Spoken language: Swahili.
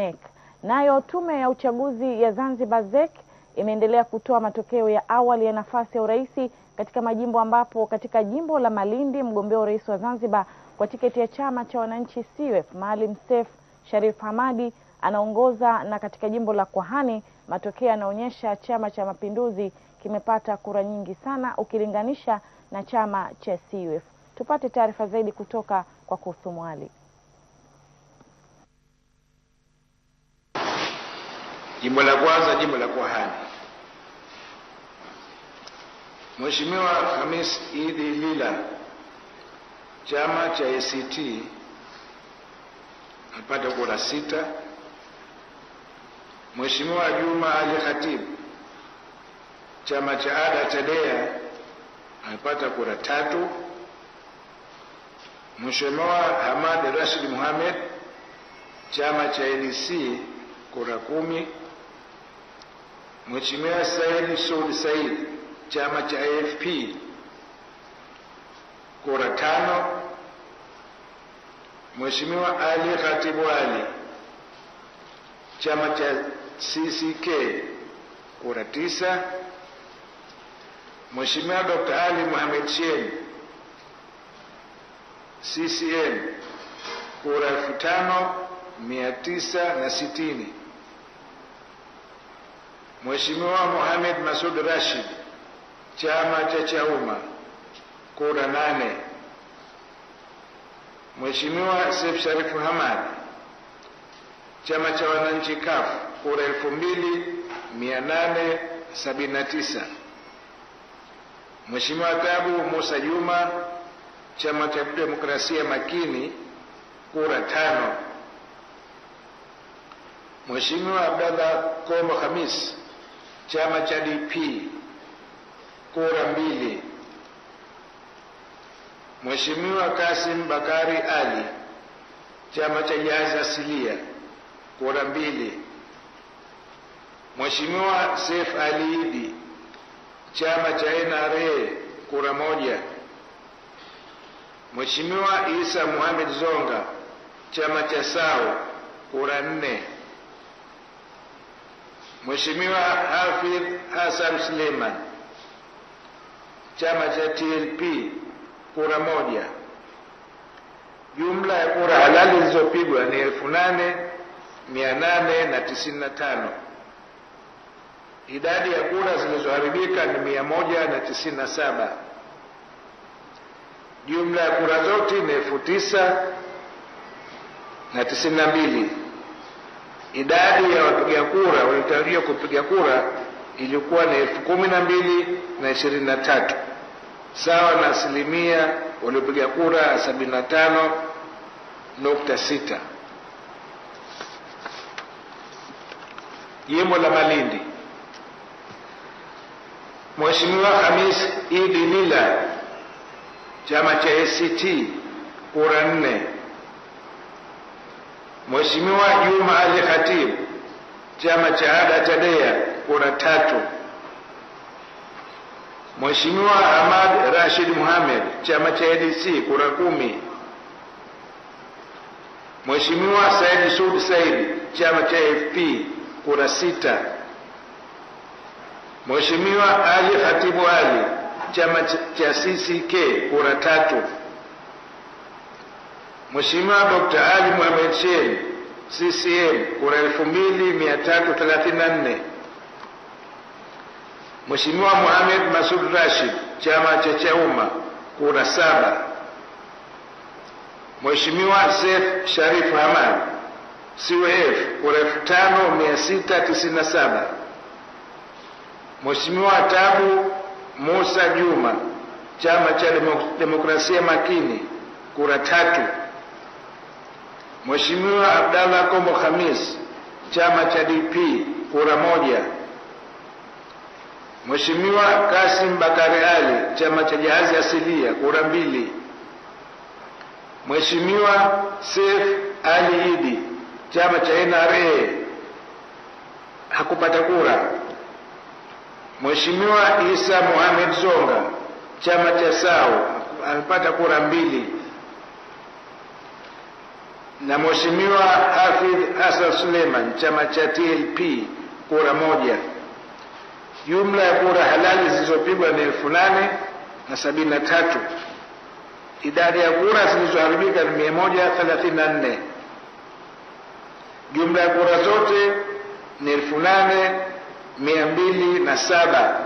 NEC. Nayo tume ya uchaguzi ya Zanzibar ZEC imeendelea kutoa matokeo ya awali ya nafasi ya urais katika majimbo ambapo katika jimbo la Malindi mgombea urais wa Zanzibar kwa tiketi ya chama cha wananchi CUF Maalim Seif Sharif Hamadi anaongoza na katika jimbo la Kwahani matokeo yanaonyesha Chama cha Mapinduzi kimepata kura nyingi sana ukilinganisha na chama cha CUF. Tupate taarifa zaidi kutoka kwa Kusumwali. Jimbo la kwanza, jimbo la kuhani. Mheshimiwa Hamis Idi Lila, chama cha ACT amepata kura sita. Mheshimiwa Juma Ali Khatib, chama cha ADA TADEA amepata kura tatu. Mheshimiwa Hamad Rashid Mohamed, chama cha adc kura kumi. Mheshimiwa Said Sud Said, chama cha AFP, kura tano. Mheshimiwa Ali Khatibu Ali, chama cha CCK, kura tisa. Mheshimiwa Dr. Ali Mohamed Shein, CCM, kura elfu tano mia tisa na sitini. Mheshimiwa Mohamed Masud Rashid, chama cha Chauma, kura nane. Mheshimiwa Seif Sharif Hamad, chama cha wananchi CUF, kura 2879. Mheshimiwa Tabu Musa Juma, chama cha demokrasia makini, kura tano. Mheshimiwa abdalla Kombo Hamis chama cha DP kura mbili. Mheshimiwa Kasim Bakari Ali chama cha Jazi Asilia kura mbili. Mheshimiwa Seif Ali Idi chama cha NRA kura moja. Mheshimiwa Isa Muhamed Zonga chama cha SAU kura nne. Mheshimiwa Hafidh Hassan Suleiman, chama cha TLP, kura moja. Jumla ya kura halali zilizopigwa ni elfu nane mia nane na tisini na tano. Idadi ya kura zilizoharibika ni mia moja na tisini na saba. Jumla ya kura zote ni elfu tisa na tisini na mbili idadi ya wapiga kura waliotarajiwa kupiga kura ilikuwa ni elfu kumi na mbili na ishirini na tatu sawa na asilimia waliopiga kura sabini na tano nukta sita. Jimbo la Malindi, Mheshimiwa Hamis Idi Lila, chama cha ACT, kura nne. Mheshimiwa Juma Ali Khatib, chama cha ADA TADEA, kura tatu. Mheshimiwa Ahmad Rashid Muhammad, chama cha ADC, kura kumi. Mheshimiwa Said Sud Said, chama cha AFP, kura sita. Mheshimiwa Ali Khatibu Ali, chama cha CCK, kura tatu. Mheshimiwa Dr. Ali Mohamed Shein CCM kura 2334. Mheshimiwa Mohamed Masud Rashid chama cha Chauma kura saba. Mheshimiwa sef Sharif Hamad CUF kura 5697. Mheshimiwa Tabu Musa Juma chama cha Demokrasia Makini kura tatu. Mheshimiwa Abdalla Kombo Khamis, chama cha DP, kura moja. Mheshimiwa Kasim Bakari Ali, chama cha Jahazi Asilia, kura mbili. Mheshimiwa Seif Ali Idi, chama cha NRA, hakupata kura. Mheshimiwa Isa Mohamed zonga chama cha SAU, amepata kura mbili na Mheshimiwa Hafidh asar Suleiman chama cha TLP kura moja. Jumla ya kura halali zilizopigwa ni elfu nane na sabini na tatu. Idadi ya kura zilizoharibika ni mia moja thelathini na nne. Jumla ya kura zote ni elfu nane mia mbili na saba.